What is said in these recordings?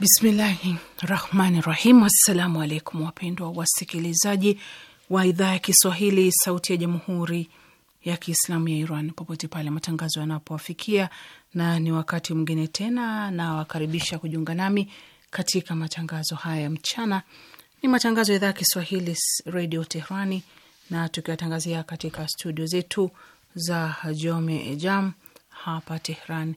Bismillahi rahmani rahim. Assalamu alaikum wapendwa wasikilizaji wa idhaa ya Kiswahili sauti ya jamhuri ya Kiislamu ya Iran popote pale matangazo yanapowafikia, na ni wakati mwingine tena nawakaribisha kujiunga nami katika matangazo haya ya mchana. Ni matangazo ya idhaa ya Kiswahili redio Tehrani, na tukiwatangazia katika studio zetu za Jome Jam hapa Tehran,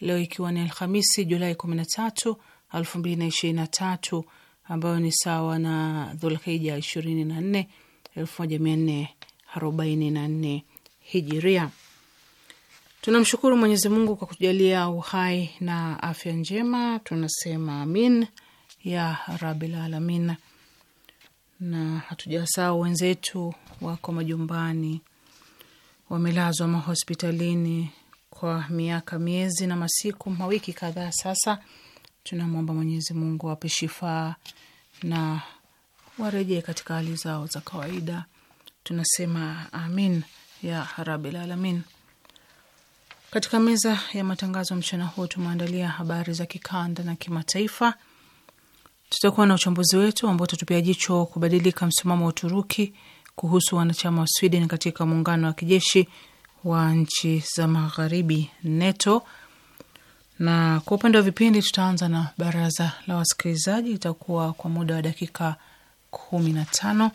leo ikiwa ni Alhamisi Julai kumi na tatu elfu mbili na ishirini na tatu ambayo ni sawa na Dhulhija ishirini na nne elfu moja mia nne arobaini na nne hijiria. Tunamshukuru Mwenyezi Mungu kwa kujalia uhai na afya njema, tunasema amin ya rabil alamin. Na hatujasahau wenzetu wako majumbani, wamelazwa mahospitalini kwa miaka, miezi na masiku, mawiki kadhaa sasa. Tunamwomba Mwenyezi Mungu wape shifaa na warejee katika hali zao za kawaida. Tunasema amin ya rabil alamin. Katika meza ya matangazo mchana huu tumeandalia habari za kikanda na kimataifa. Tutakuwa na uchambuzi wetu ambao tatupia jicho kubadilika msimamo wa Uturuki kuhusu wanachama wa Sweden katika muungano wa kijeshi wa nchi za magharibi NATO na kwa upande wa vipindi tutaanza na baraza la wasikilizaji, itakuwa kwa muda wa dakika kumi na tano.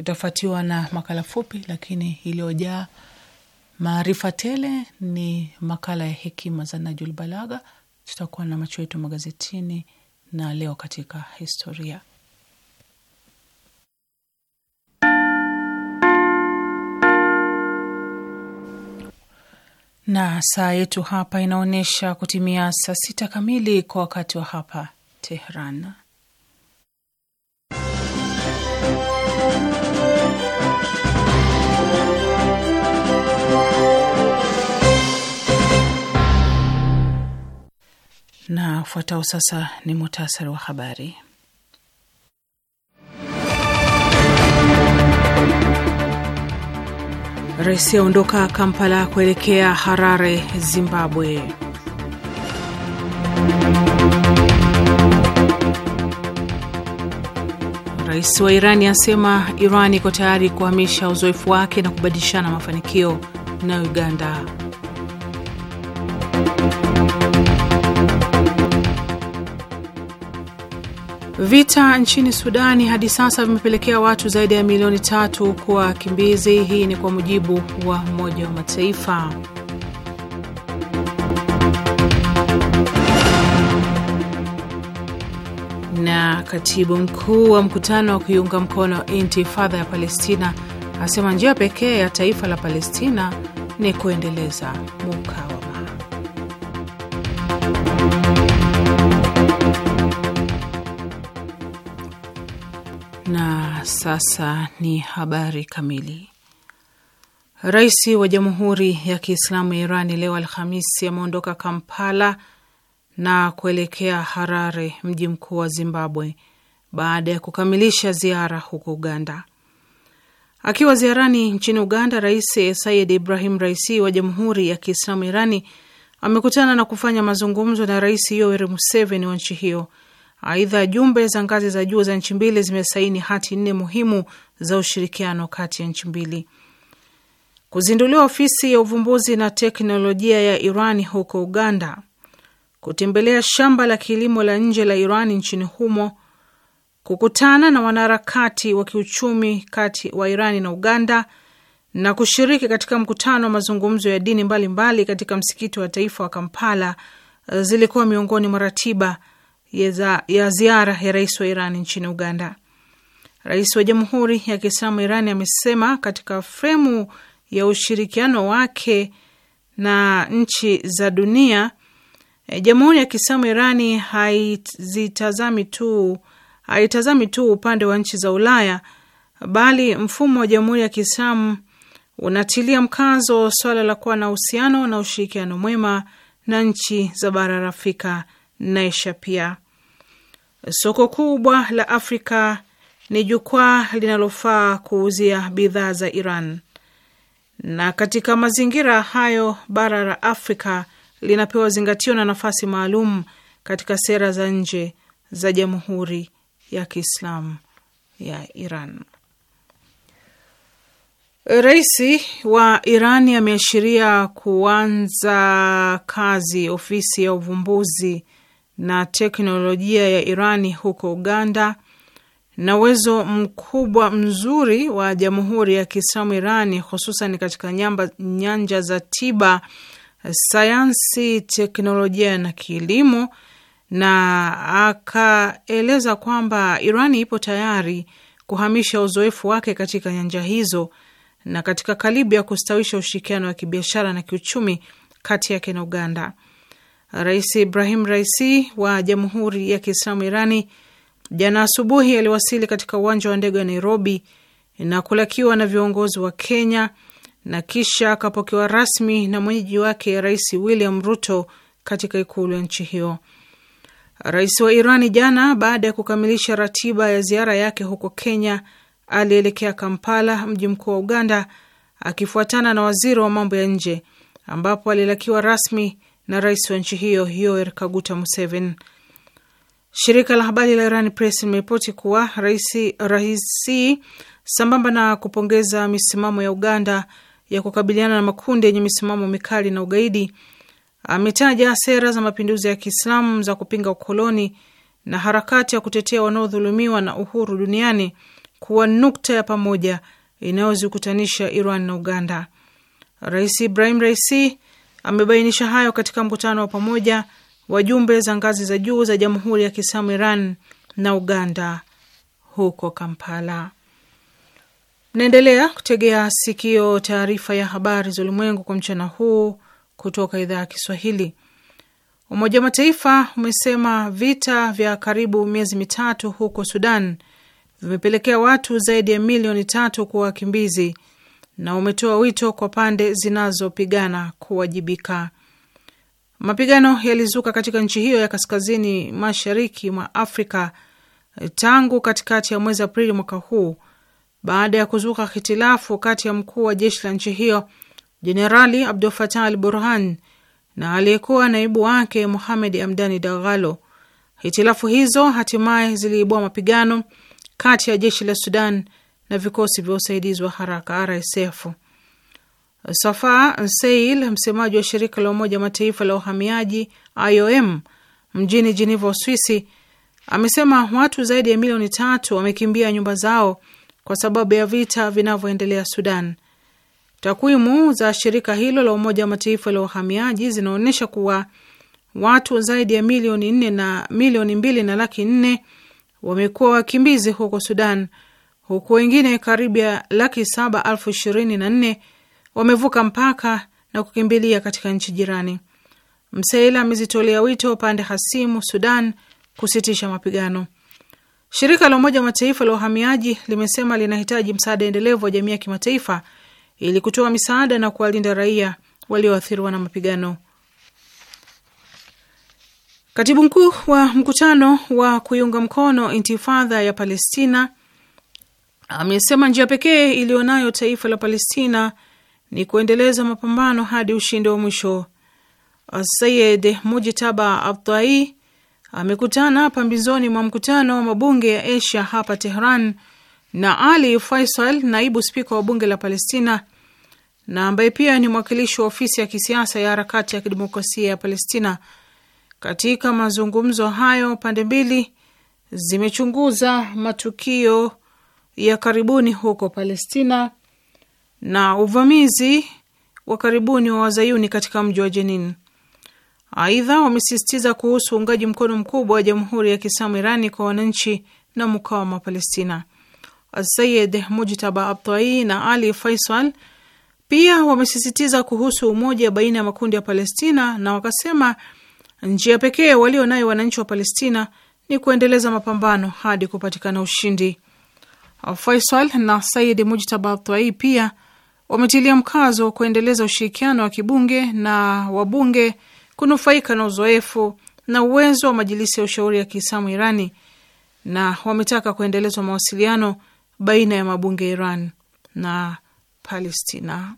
Itafuatiwa na makala fupi lakini iliyojaa maarifa tele, ni makala ya hekima za Najul Balagha. Tutakuwa na macho yetu magazetini na leo katika historia. na saa yetu hapa inaonyesha kutimia saa sita kamili kwa wakati wa hapa Tehran. Na ufuatao sasa ni muhtasari wa habari. Rais aondoka Kampala kuelekea Harare, Zimbabwe. Rais wa Irani asema Iran iko tayari kuhamisha uzoefu wake na kubadilishana mafanikio na Uganda. Vita nchini Sudani hadi sasa vimepelekea watu zaidi ya milioni tatu kuwa wakimbizi. Hii ni kwa mujibu wa Umoja wa Mataifa. Na katibu mkuu wa mkutano wa kuiunga mkono intifadha ya Palestina asema njia pekee ya taifa la Palestina ni kuendeleza mukawa sasa ni habari kamili. Rais wa Jamhuri ya Kiislamu ya Irani leo Alhamisi ameondoka Kampala na kuelekea Harare, mji mkuu wa Zimbabwe, baada ya kukamilisha ziara huko Uganda. Akiwa ziarani nchini Uganda, Rais Sayid Ibrahim Raisi wa Jamhuri ya Kiislamu Irani amekutana na kufanya mazungumzo na Rais Yoweri Museveni wa nchi hiyo Aidha, jumbe za ngazi za juu za nchi mbili zimesaini hati nne muhimu za ushirikiano kati ya nchi mbili. Kuzinduliwa ofisi ya uvumbuzi na teknolojia ya Iran huko Uganda, kutembelea shamba la kilimo la nje la Iran nchini humo, kukutana na wanaharakati wa kiuchumi kati wa iran na Uganda na kushiriki katika mkutano wa mazungumzo ya dini mbalimbali mbali katika msikiti wa taifa wa Kampala eh, zilikuwa miongoni mwa ratiba ya ziara ya rais wa Iran nchini Uganda. Rais wa Jamhuri ya Kiislamu Irani amesema katika fremu ya ushirikiano wake na nchi za dunia, eh, Jamhuri ya Kiislamu Irani haitazami tu, haitazami tu upande wa nchi za Ulaya, bali mfumo wa Jamhuri ya Kiislamu unatilia mkazo swala la kuwa na uhusiano na ushirikiano mwema na nchi za bara la Afrika na Asia pia. Soko kubwa la Afrika ni jukwaa linalofaa kuuzia bidhaa za Iran, na katika mazingira hayo bara la Afrika linapewa zingatio na nafasi maalum katika sera za nje za Jamhuri ya Kiislamu ya Iran. Rais wa iran ameashiria kuanza kazi ofisi ya uvumbuzi na teknolojia ya Irani huko Uganda na uwezo mkubwa mzuri wa Jamhuri ya Kiislamu Irani hususan katika nyamba, nyanja za tiba, sayansi, teknolojia na kilimo, na akaeleza kwamba Irani ipo tayari kuhamisha uzoefu wake katika nyanja hizo na katika karibu ya kustawisha ushirikiano wa kibiashara na kiuchumi kati yake na Uganda. Rais Ibrahim Raisi wa Jamhuri ya Kiislamu Irani jana asubuhi aliwasili katika uwanja wa ndege wa Nairobi na kulakiwa na viongozi wa Kenya na kisha akapokewa rasmi na mwenyeji wake Rais William Ruto katika ikulu ya nchi hiyo. Rais wa Irani jana, baada ya kukamilisha ratiba ya ziara yake huko Kenya, alielekea Kampala, mji mkuu wa Uganda, akifuatana na waziri wa mambo ya nje, ambapo alilakiwa rasmi na rais wa nchi hiyo Yoweri Kaguta Museveni. Shirika la habari la Iran Press limeripoti kuwa raisi rahisi, sambamba na kupongeza misimamo ya Uganda ya kukabiliana na makundi yenye misimamo mikali na ugaidi, ametaja sera za mapinduzi ya Kiislamu za kupinga ukoloni na harakati ya kutetea wanaodhulumiwa na uhuru duniani kuwa nukta ya pamoja inayozikutanisha Iran na Uganda. Rais Ibrahim Raisi Amebainisha hayo katika mkutano wa pamoja wa jumbe za ngazi za juu za Jamhuri ya Kiislamu Iran na Uganda huko Kampala. Naendelea kutegea sikio taarifa ya habari za ulimwengu kwa mchana huu kutoka idhaa ya Kiswahili. Umoja wa Mataifa umesema vita vya karibu miezi mitatu huko Sudan vimepelekea watu zaidi ya milioni tatu kuwa wakimbizi na umetoa wito kwa pande zinazopigana kuwajibika. Mapigano yalizuka katika nchi hiyo ya kaskazini mashariki mwa Afrika tangu katikati ya mwezi Aprili mwaka huu baada ya kuzuka hitilafu kati ya mkuu wa jeshi la nchi hiyo Jenerali Abdul Fatah al Burhan na aliyekuwa naibu wake muhamed Amdani Dagalo. Hitilafu hizo hatimaye ziliibua mapigano kati ya jeshi la Sudan na vikosi vya usaidizi wa haraka RSF. Safa Nseil, msemaji wa shirika la Umoja Mataifa la uhamiaji IOM mjini Jeneva, Uswisi, amesema watu zaidi ya milioni tatu wamekimbia nyumba zao kwa sababu ya vita vinavyoendelea Sudan. Takwimu za shirika hilo la Umoja wa Mataifa la uhamiaji zinaonyesha kuwa watu zaidi ya milioni nne na milioni mbili na laki nne wamekuwa wakimbizi huko Sudan huku wengine karibu ya laki saba elfu ishirini na nne wamevuka mpaka na kukimbilia katika nchi jirani. Mseila amezitolea wito pande hasimu Sudan kusitisha mapigano. Shirika la Umoja wa Mataifa la uhamiaji limesema linahitaji msaada endelevu wa jamii ya kimataifa ili kutoa misaada na kuwalinda raia walioathiriwa na mapigano. Katibu mkuu wa mkutano wa kuiunga mkono intifadha ya Palestina amesema njia pekee iliyonayo taifa la Palestina ni kuendeleza mapambano hadi ushindi wa mwisho. Sayid Mujitaba Abtai amekutana pambizoni mwa mkutano wa mabunge ya Asia hapa Tehran na Ali Faisal, naibu spika wa bunge la Palestina na ambaye pia ni mwakilishi wa ofisi ya kisiasa ya harakati ya kidemokrasia ya Palestina. Katika mazungumzo hayo, pande mbili zimechunguza matukio ya karibuni huko Palestina na uvamizi wa karibuni wa wazayuni katika mji wa Jenin. Aidha, wamesisitiza kuhusu uungaji mkono mkubwa wa Jamhuri ya Kiislamu Irani kwa wananchi na mukawama wa Palestina. Sayid Mujtaba Abtai na Ali Faisal pia wamesisitiza kuhusu umoja baina ya makundi ya Palestina na wakasema njia pekee walio nayo wananchi wa Palestina ni kuendeleza mapambano hadi kupatikana ushindi. Faisal na Said Mujtaba Twai pia wametilia mkazo wa kuendeleza ushirikiano wa kibunge na wabunge kunufaika na uzoefu na uwezo wa majilisi ya ushauri ya Kiislamu Irani na wametaka kuendelezwa mawasiliano baina ya mabunge ya Iran na Palestina.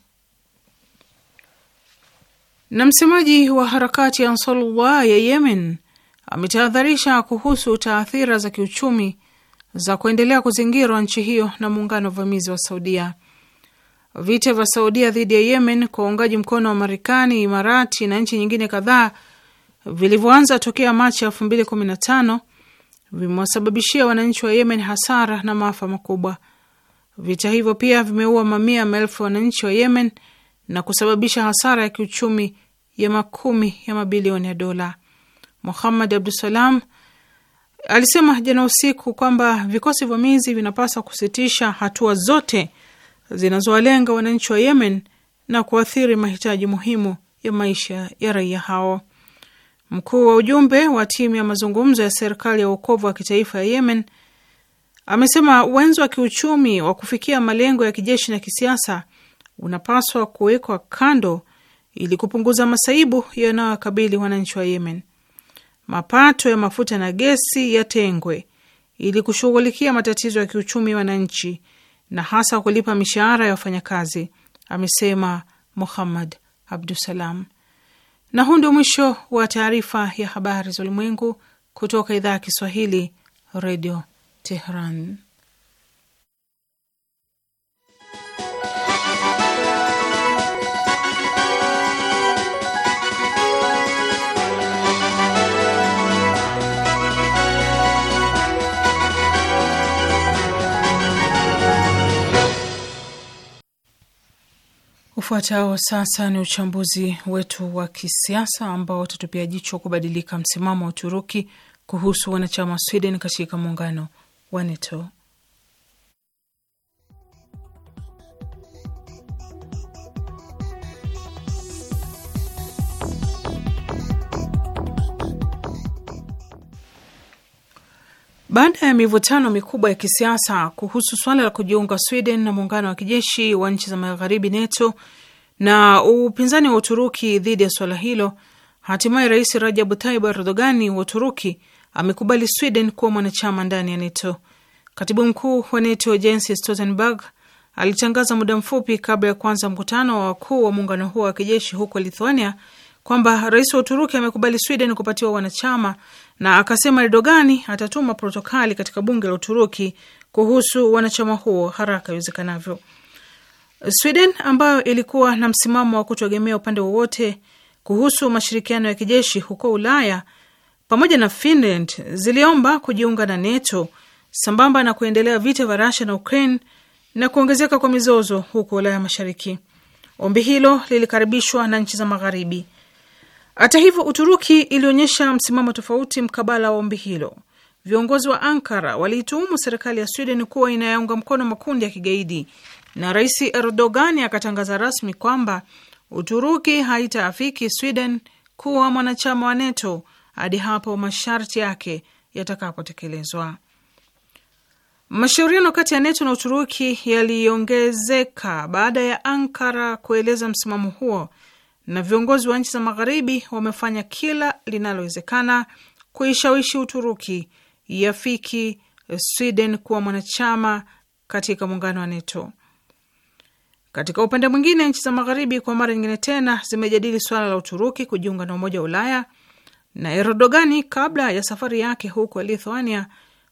Na msemaji wa harakati ya Ansarullah ya Yemen ametahadharisha kuhusu taathira za kiuchumi za kuendelea kuzingirwa nchi hiyo na muungano wa uvamizi wa Saudia. Vita vya Saudia dhidi ya Yemen kwa uungaji mkono wa Marekani, Imarati na nchi nyingine kadhaa vilivyoanza tokea Machi elfu mbili kumi na tano vimewasababishia wananchi wa Yemen hasara na maafa makubwa. Vita hivyo pia vimeua mamia maelfu ya wananchi wa Yemen na kusababisha hasara ya kiuchumi ya makumi ya mabilioni ya dola. Muhammad Abdusalam alisema jana usiku kwamba vikosi vamizi vinapaswa kusitisha hatua zote zinazowalenga wananchi wa Yemen na kuathiri mahitaji muhimu ya maisha ya raia hao. Mkuu wa ujumbe wa timu ya mazungumzo ya serikali ya uokovu wa kitaifa ya Yemen amesema wenzo wa kiuchumi wa kufikia malengo ya kijeshi na kisiasa unapaswa kuwekwa kando ili kupunguza masaibu yanayowakabili wananchi wa Yemen mapato ya mafuta na gesi yatengwe ili kushughulikia matatizo ya kiuchumi wananchi na hasa kulipa mishahara ya wafanyakazi, amesema Muhammad Abdusalam. Na huu ndio mwisho wa taarifa ya habari za ulimwengu kutoka idhaa ya Kiswahili, Redio Teheran. Ufuatao sasa ni uchambuzi wetu wa kisiasa ambao utatupia jicho kubadilika msimamo wa Uturuki kuhusu wanachama wa Sweden katika muungano wa NATO. Baada ya mivutano mikubwa ya kisiasa kuhusu swala la kujiunga Sweden na muungano wa kijeshi wa nchi za magharibi NATO na upinzani wa Uturuki dhidi ya swala hilo, hatimaye Rais rajabu Tayib Erdogani wa Uturuki amekubali Sweden kuwa mwanachama ndani ya NATO. Katibu mkuu wa NATO Jens Stoltenberg alitangaza muda mfupi kabla ya kuanza mkutano wa wakuu wa muungano huo wa kijeshi huko Lithuania kwamba rais wa Uturuki amekubali Sweden kupatiwa wanachama na akasema Erdogani atatuma protokali katika bunge la Uturuki kuhusu wanachama huo haraka iwezekanavyo. Sweden ambayo ilikuwa na msimamo wa kutoegemea upande wowote kuhusu mashirikiano ya kijeshi huko Ulaya pamoja na Finland ziliomba kujiunga na NATO sambamba na kuendelea vita vya Rusia na Ukraine na kuongezeka kwa mizozo huko Ulaya Mashariki. Ombi hilo lilikaribishwa na nchi za Magharibi. Hata hivyo, Uturuki ilionyesha msimamo tofauti mkabala wa ombi hilo. Viongozi wa Ankara waliituhumu serikali ya Sweden kuwa inayaunga mkono makundi ya kigaidi na Rais Erdogan akatangaza rasmi kwamba Uturuki haitaafiki Sweden kuwa mwanachama wa NATO hadi hapo masharti yake yatakapotekelezwa. Mashauriano kati ya NATO na Uturuki yaliongezeka baada ya Ankara kueleza msimamo huo na viongozi wa nchi za magharibi wamefanya kila linalowezekana kuishawishi Uturuki yafiki Sweden kuwa mwanachama katika muungano wa NATO. Katika upande mwingine, nchi za magharibi kwa mara nyingine tena zimejadili suala la Uturuki kujiunga na Umoja wa Ulaya, na Erdogani kabla ya safari yake huko Lithuania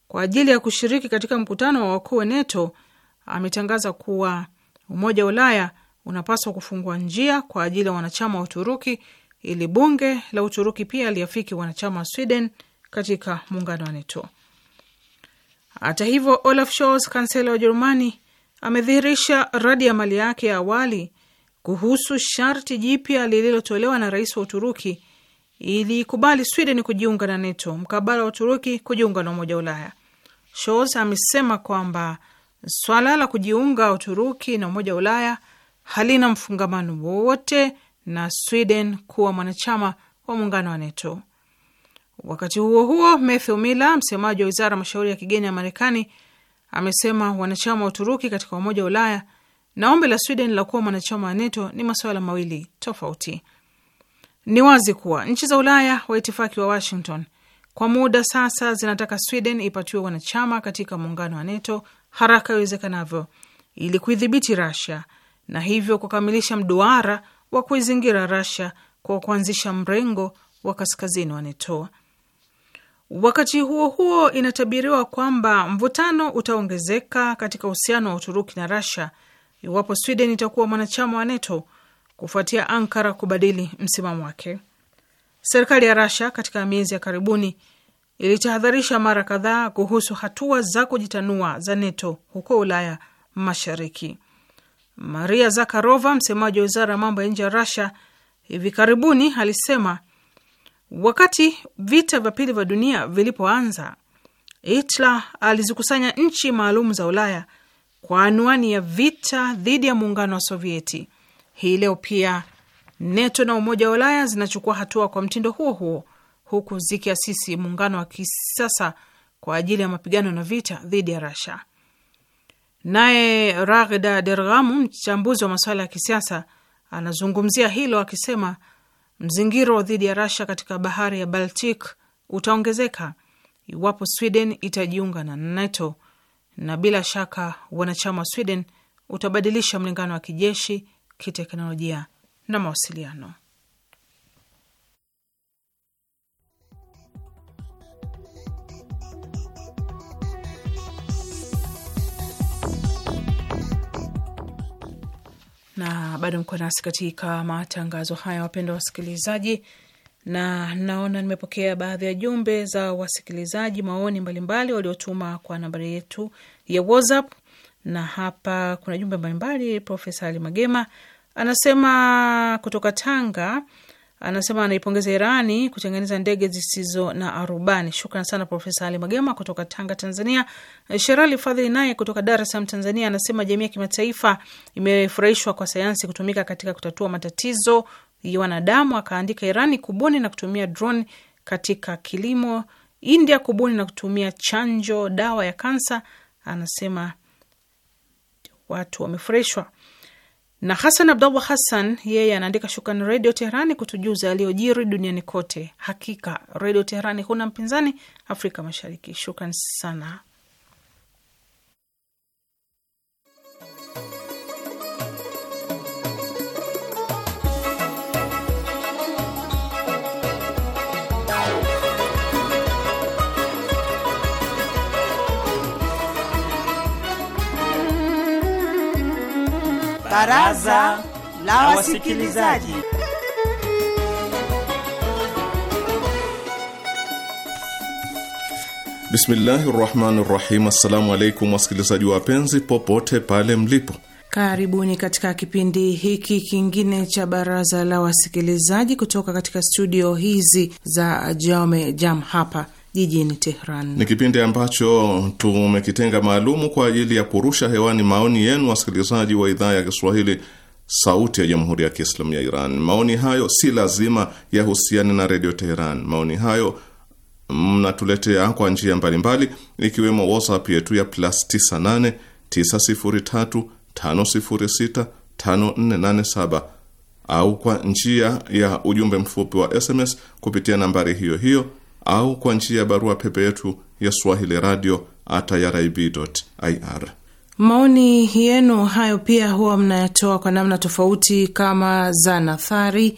kwa ajili ya kushiriki katika mkutano wa wakuu wa NATO ametangaza kuwa Umoja wa Ulaya unapaswa kufungua njia kwa ajili ya wanachama wa Uturuki ili bunge la Uturuki pia liafiki wanachama wa Sweden katika muungano wa NATO. Hata hivyo, Olaf Scholz, kansela wa Ujerumani, amedhihirisha radi ya mali yake ya awali kuhusu sharti jipya lililotolewa na rais wa Uturuki ili kubali Sweden kujiunga na NATO mkabala wa Uturuki kujiunga na Umoja wa Ulaya. Scholz amesema kwamba swala la kujiunga Uturuki na Umoja wa Ulaya halina mfungamano wowote na Sweden kuwa mwanachama wa muungano wa NATO. Wakati huo huo, Matthew Miller, msemaji wa wizara ya mashauri ya kigeni ya Marekani, amesema wanachama wa Uturuki katika Umoja wa Ulaya na ombi la Sweden la kuwa mwanachama wa NATO ni masuala mawili tofauti. Ni wazi kuwa nchi za Ulaya wa itifaki wa Washington kwa muda sasa zinataka Sweden ipatiwe wanachama katika muungano wa NATO haraka iwezekanavyo ili kuidhibiti Russia na hivyo kukamilisha mduara wa kuizingira rasia kwa kuanzisha mrengo wa kaskazini wa NATO. Wakati huo huo, inatabiriwa kwamba mvutano utaongezeka katika uhusiano wa Uturuki na rasia iwapo Sweden itakuwa mwanachama wa NATO kufuatia Ankara kubadili msimamo wake. Serikali ya rasia katika miezi ya karibuni ilitahadharisha mara kadhaa kuhusu hatua za kujitanua za NATO huko Ulaya Mashariki. Maria Zakharova, msemaji wa wizara ya mambo ya nje ya Russia, hivi karibuni alisema wakati vita vya pili vya dunia vilipoanza, Hitler alizikusanya nchi maalum za Ulaya kwa anwani ya vita dhidi ya muungano wa Sovieti. Hii leo pia NATO na Umoja wa Ulaya zinachukua hatua kwa mtindo huo huo, huku zikiasisi muungano wa kisasa kwa ajili ya mapigano na vita dhidi ya Russia. Naye Ragda Derghamu, mchambuzi wa masuala ya kisiasa, anazungumzia hilo akisema mzingiro dhidi ya Rasha katika bahari ya Baltic utaongezeka iwapo Sweden itajiunga na NATO, na bila shaka wanachama wa Sweden utabadilisha mlingano wa kijeshi, kiteknolojia na mawasiliano. na bado mko nasi katika matangazo haya, wapendwa wasikilizaji, na naona nimepokea baadhi ya jumbe za wasikilizaji, maoni mbalimbali waliotuma kwa nambari yetu ya WhatsApp, na hapa kuna jumbe mbalimbali. Profesa Ali Magema anasema kutoka Tanga anasema anaipongeza Irani kutengeneza ndege zisizo na arubani. Shukran sana Profesa Ali Magema kutoka Tanga, Tanzania. Sherali Fadhili naye kutoka Dar es Salaam, Tanzania, anasema jamii ya kimataifa imefurahishwa kwa sayansi kutumika katika kutatua matatizo ya wanadamu. Akaandika Irani kubuni na kutumia drone katika kilimo, India kubuni na kutumia chanjo dawa ya kansa. Anasema watu wamefurahishwa. Na Hasan Abdallah Hassan yeye anaandika shukrani Redio Teherani kutujuza yaliyojiri duniani kote. Hakika Redio Teherani huna mpinzani Afrika Mashariki. shukran sana. Baraza la Wasikilizaji. Bismillahi rahmani rahim. Assalamu alaikum wasikilizaji wapenzi, popote pale mlipo, karibuni katika kipindi hiki kingine cha baraza la wasikilizaji kutoka katika studio hizi za Jome Jam hapa jijini Tehran. Ni kipindi ambacho tumekitenga maalumu kwa ajili ya kurusha hewani maoni yenu wasikilizaji wa idhaa ya Kiswahili Sauti ya Jamhuri ya Kiislamu ya Iran. Maoni hayo si lazima yahusiane na Redio Teheran. Maoni hayo mnatuletea kwa njia mbalimbali, ikiwemo WhatsApp yetu ya plus 98 au kwa njia ya ujumbe mfupi wa SMS kupitia nambari hiyo hiyo au kwa njia ya barua pepe yetu ya swahili radio at irib.ir. Maoni yenu hayo pia huwa mnayatoa kwa namna tofauti, kama za nathari,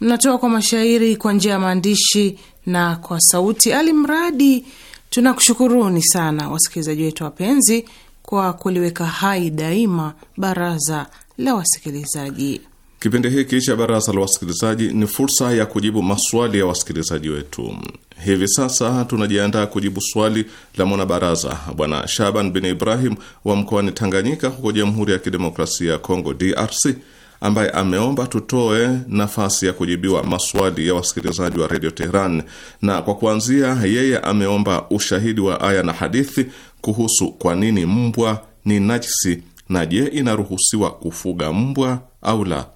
mnatoa kwa mashairi, kwa njia ya maandishi na kwa sauti. Ali mradi tunakushukuruni sana wasikilizaji wetu wapenzi kwa kuliweka hai daima baraza la wasikilizaji. Kipindi hiki cha baraza la wasikilizaji ni fursa ya kujibu maswali ya wasikilizaji wetu. Hivi sasa tunajiandaa kujibu swali la mwanabaraza Bwana Shaban bin Ibrahim wa mkoani Tanganyika, huko Jamhuri ya Kidemokrasia ya Kongo, DRC, ambaye ameomba tutoe nafasi ya kujibiwa maswali ya wasikilizaji wa redio Teheran. Na kwa kuanzia, yeye ameomba ushahidi wa aya na hadithi kuhusu kwa nini mbwa ni najisi, na je, inaruhusiwa kufuga mbwa au la?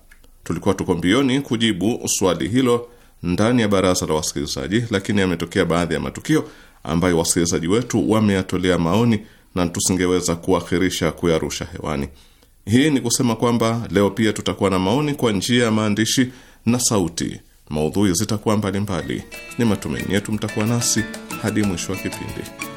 Tulikuwa tuko mbioni kujibu swali hilo ndani ya baraza la wasikilizaji, lakini yametokea baadhi ya matukio ambayo wasikilizaji wetu wameyatolea maoni na tusingeweza kuakhirisha kuyarusha hewani. Hii ni kusema kwamba leo pia tutakuwa na maoni kwa njia ya maandishi na sauti. Maudhui zitakuwa mbalimbali. Ni matumaini yetu mtakuwa nasi hadi mwisho wa kipindi.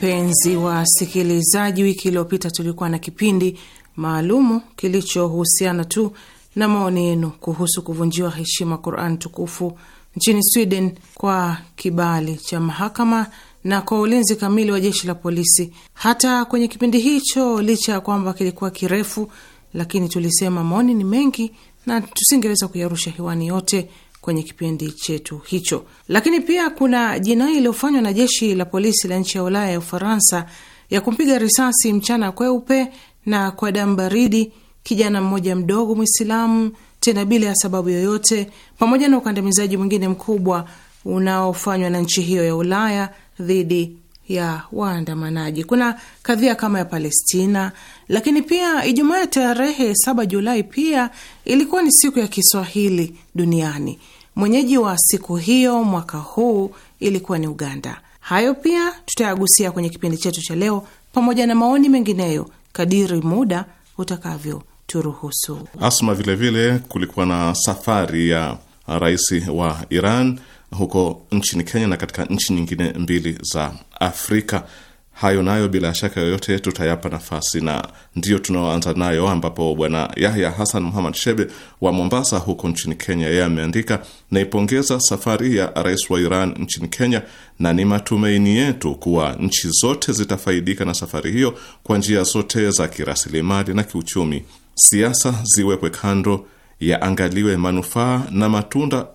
Wapenzi wasikilizaji, wiki iliyopita tulikuwa na kipindi maalumu kilichohusiana tu na maoni yenu kuhusu kuvunjiwa heshima Quran tukufu nchini Sweden kwa kibali cha mahakama na kwa ulinzi kamili wa jeshi la polisi. Hata kwenye kipindi hicho, licha ya kwamba kilikuwa kirefu, lakini tulisema maoni ni mengi na tusingeweza kuyarusha hewani yote kwenye kipindi chetu hicho. Lakini pia kuna jinai iliyofanywa na jeshi la polisi la nchi ya Ulaya ya Ufaransa ya kumpiga risasi mchana kweupe na kwa damu baridi kijana mmoja mdogo Mwislamu, tena bila ya sababu yoyote, pamoja na ukandamizaji mwingine mkubwa unaofanywa na nchi hiyo ya Ulaya dhidi ya waandamanaji. Kuna kadhia kama ya Palestina, lakini pia Ijumaa ya tarehe 7 Julai pia ilikuwa ni siku ya Kiswahili duniani. Mwenyeji wa siku hiyo mwaka huu ilikuwa ni Uganda. Hayo pia tutayagusia kwenye kipindi chetu cha leo, pamoja na maoni mengineyo kadiri muda utakavyoturuhusu. Asma, vilevile kulikuwa na safari ya rais wa Iran huko nchini Kenya na katika nchi nyingine mbili za Afrika Hayo nayo bila shaka yoyote tutayapa nafasi, na ndiyo tunaoanza nayo, ambapo bwana Yahya Hassan Muhammad Shebe wa Mombasa huko nchini Kenya, yeye ameandika: naipongeza safari ya rais wa Iran nchini Kenya, na ni matumaini yetu kuwa nchi zote zitafaidika na safari hiyo kwa njia zote za kirasilimali na kiuchumi. Siasa ziwekwe kando, yaangaliwe manufaa na matunda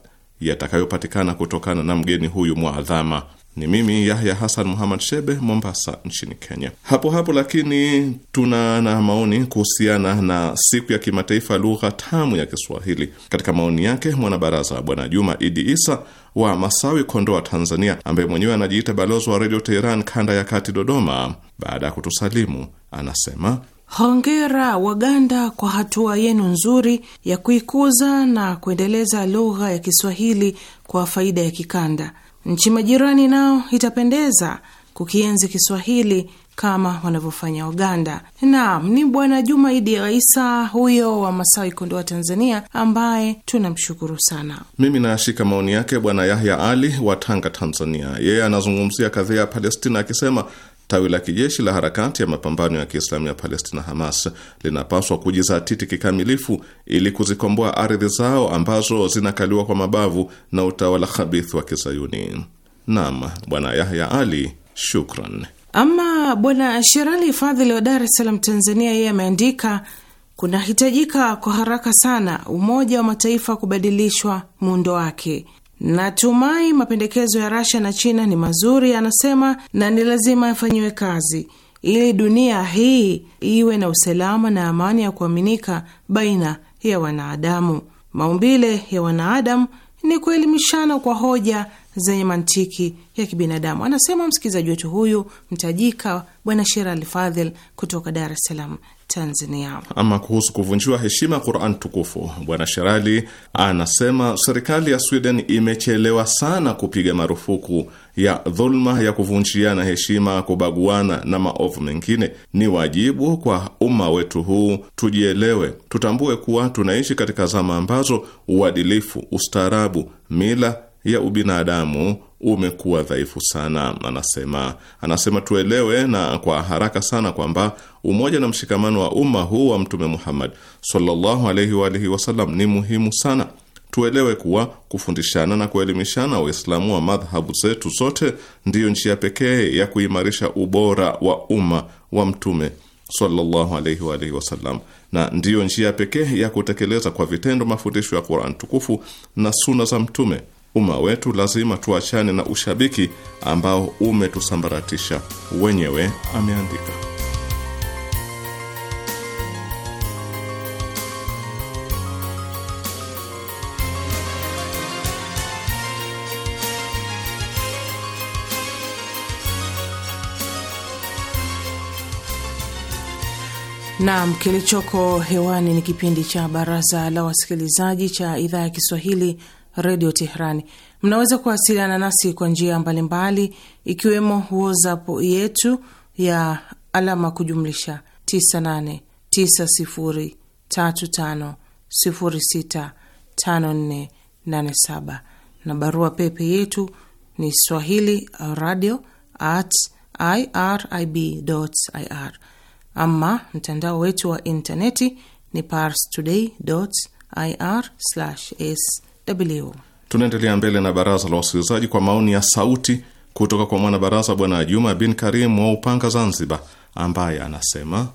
yatakayopatikana kutokana na mgeni huyu mwadhama. Ni mimi Yahya Hasan Muhammad Shebe, Mombasa nchini Kenya. Hapo hapo lakini tuna na maoni kuhusiana na siku ya kimataifa lugha tamu ya Kiswahili. Katika maoni yake mwanabaraza Bwana Juma Idi Isa wa Masawi, Kondoa, Tanzania, ambaye mwenyewe anajiita balozi wa Redio Teheran kanda ya kati Dodoma, baada ya kutusalimu anasema Hongera Waganda kwa hatua yenu nzuri ya kuikuza na kuendeleza lugha ya Kiswahili kwa faida ya kikanda. Nchi majirani nao itapendeza kukienzi Kiswahili kama wanavyofanya Uganda. Naam, ni Bwana Juma Idi Isa huyo wa Masawi Kondoa wa Tanzania, ambaye tunamshukuru sana. Mimi naashika maoni yake Bwana Yahya Ali wa Tanga, Tanzania. Yeye anazungumzia kadhia ya Palestina akisema Tawi la kijeshi la harakati ya mapambano ya Kiislamu ya Palestina, Hamas, linapaswa kujizatiti kikamilifu ili kuzikomboa ardhi zao ambazo zinakaliwa kwa mabavu na utawala khabith wa Kizayuni. Naam, Bwana Yahya Ali, shukran. Ama Bwana Sherali Fadhili wa Dar es Salaam, Tanzania, yeye ameandika kunahitajika kwa haraka sana Umoja wa Mataifa kubadilishwa muundo wake. Natumai mapendekezo ya Rasia na China ni mazuri, anasema, na ni lazima yafanyiwe kazi ili dunia hii iwe na usalama na amani ya kuaminika baina ya wanadamu. Maumbile ya wanadamu ni kuelimishana kwa hoja zenye mantiki ya kibinadamu, anasema msikilizaji wetu huyu mtajika, Bwana Sherali Fadhil kutoka Dar es Salaam, Tanzania. Ama kuhusu kuvunjiwa heshima ya Quran tukufu, Bwana Sherali anasema serikali ya Sweden imechelewa sana kupiga marufuku ya dhulma ya kuvunjiana heshima, kubaguana na maovu mengine. Ni wajibu kwa umma wetu huu tujielewe, tutambue kuwa tunaishi katika zama ambazo uadilifu, ustaarabu, mila ya ubinadamu umekuwa dhaifu sana. Anasema anasema tuelewe na kwa haraka sana kwamba umoja na mshikamano wa umma huu wa Mtume Muhammad sallallahu alaihi wa alihi wasallam ni muhimu sana. Tuelewe kuwa kufundishana na kuelimishana Waislamu wa madhhabu zetu zote ndiyo njia pekee ya kuimarisha ubora wa umma wa Mtume sallallahu alaihi wa alihi wasallam na ndiyo njia pekee ya kutekeleza kwa vitendo mafundisho ya Qur'an tukufu na suna za Mtume. Umma wetu lazima tuachane na ushabiki ambao umetusambaratisha wenyewe, ameandika. Naam, kilichoko hewani ni kipindi cha Baraza la Wasikilizaji cha idhaa ya Kiswahili, Redio Teherani. Mnaweza kuwasiliana nasi kwa njia mbalimbali, ikiwemo WhatsApp yetu ya alama kujumlisha 989035065487 na barua pepe yetu ni swahili radio at irib ir ama mtandao wetu wa intaneti ni parstoday.ir/sw. Tunaendelea mbele na baraza la wasikilizaji kwa maoni ya sauti kutoka kwa mwanabaraza Bwana Juma bin Karim wa Upanga, Zanzibar, ambaye anasema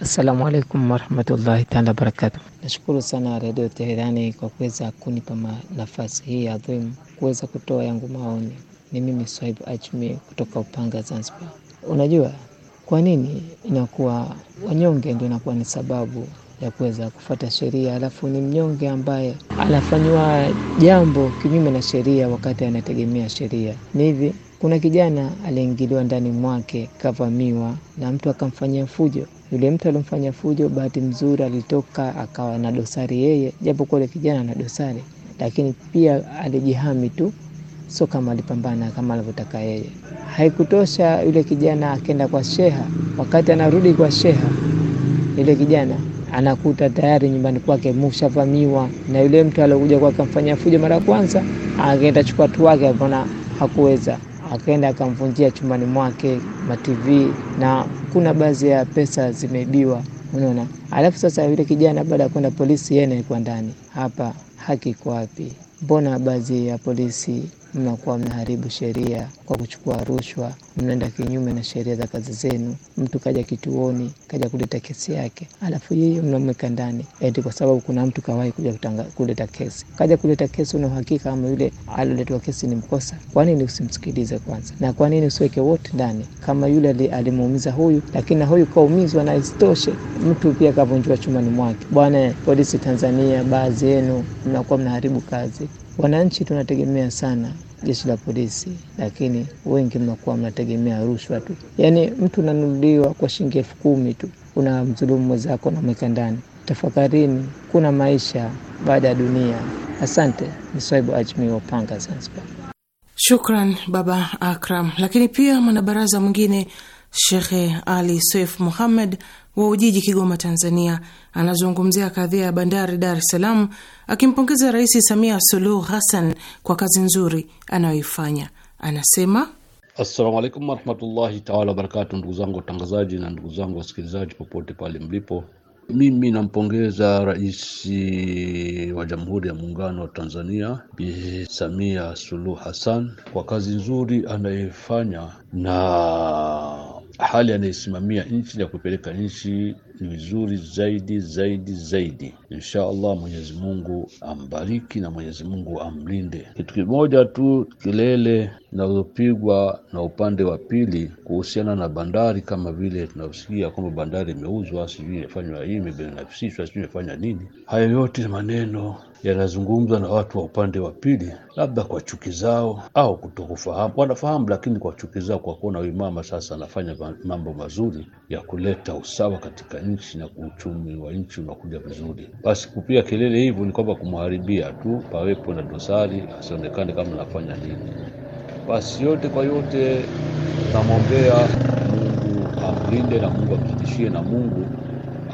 Assalamu alaikum warahmatullahi taala wabarakatu. Nashukuru sana Redio Teherani kwa kuweza kunipa nafasi hii adhimu kuweza kutoa yangu maoni. Ni mimi Swaibu Ajmi kutoka Upanga, Zanzibar. Unajua kwa nini inakuwa wanyonge ndio inakuwa ni sababu ya kuweza kufata sheria, alafu ni mnyonge ambaye anafanyiwa jambo kinyume na sheria wakati anategemea sheria. Ni hivi, kuna kijana aliingiliwa ndani mwake, kavamiwa na mtu akamfanyia fujo. Yule mtu alimfanya fujo, bahati mzuri alitoka akawa na dosari yeye, japo kwa yule kijana ana dosari, lakini pia alijihami tu sio kama alipambana kama alivyotaka yeye. Haikutosha, yule kijana akenda kwa sheha. Wakati anarudi kwa sheha, yule kijana anakuta tayari nyumbani kwake mushavamiwa na yule mtu aliokuja kwa akamfanyia fujo mara ya kwanza. Akaenda chukua tu wake, akaona hakuweza, akaenda akamvunjia chumbani mwake mativi na kuna baadhi ya pesa zimeibiwa, unaona. Alafu sasa yule kijana baada ya kwenda polisi, yeye alikuwa ndani. Hapa haki kwa wapi? Mbona baadhi ya polisi mnakuwa mnaharibu sheria kwa kuchukua rushwa, mnaenda kinyume na sheria za kazi zenu. Mtu kaja kituoni, kaja kuleta kesi yake, alafu yeye mnamweka ndani eti kwa sababu kuna mtu kawahi kuja kutanga, kuleta kesi. Kaja kuleta kesi, una uhakika ama yule alioletwa kesi ni mkosa? Kwa nini usimsikilize kwanza? Na kwa nini usiweke wote ndani? Kama yule alimuumiza huyu, lakini na huyu kaumizwa, na isitoshe mtu pia kavunjiwa chumani mwake. Bwana polisi Tanzania, baadhi yenu mnakuwa mnaharibu kazi. Wananchi tunategemea sana jeshi la polisi, lakini wengi mnakuwa mnategemea rushwa tu. Yaani mtu unanunuliwa kwa shilingi elfu kumi tu, una mdhulumu mwenzako, mweka ndani. Tafakarini, kuna maisha baada ya dunia. Asante. Ni Swaibu Ajmi wa Panga, Zanzibar. Shukran Baba Akram. Lakini pia mwanabaraza mwingine Shekhe Ali Saif Muhammad wa Ujiji, Kigoma, Tanzania, anazungumzia kadhia ya bandari Dar es Salaam, akimpongeza Rais Samia Suluhu Hassan kwa kazi nzuri anayoifanya. Anasema, assalamu alaikum warahmatullahi taala wabarakatu. Ndugu zangu watangazaji na ndugu zangu wasikilizaji popote pale mlipo, mimi nampongeza Rais wa Jamhuri ya Muungano wa Tanzania Bi Samia Suluhu Hassan kwa kazi nzuri anayoifanya na hali anayesimamia nchi na kupeleka nchi ni vizuri zaidi zaidi zaidi. Insha Allah, Mwenyezi Mungu ambariki na Mwenyezi Mungu amlinde. Kitu kimoja tu kilele inazopigwa na upande wa pili kuhusiana na bandari, kama vile tunasikia kwamba bandari imeuzwa, sijui imefanywa hii, imebinafsishwa, sijui imefanywa nini. Hayo yote maneno yanazungumzwa na watu wa upande wa pili, labda kwa chuki zao au kutokufahamu. Wanafahamu, lakini kwa chuki zao, kwa kuona huyu mama sasa anafanya mambo mazuri ya kuleta usawa katika nchi na uchumi wa nchi unakuja vizuri. Basi kupiga kelele hivyo ni kwamba kumharibia tu, pawepo na dosari, asionekane kama anafanya nini. Basi yote kwa yote, namwombea Mungu amlinde na Mungu amzidishie na Mungu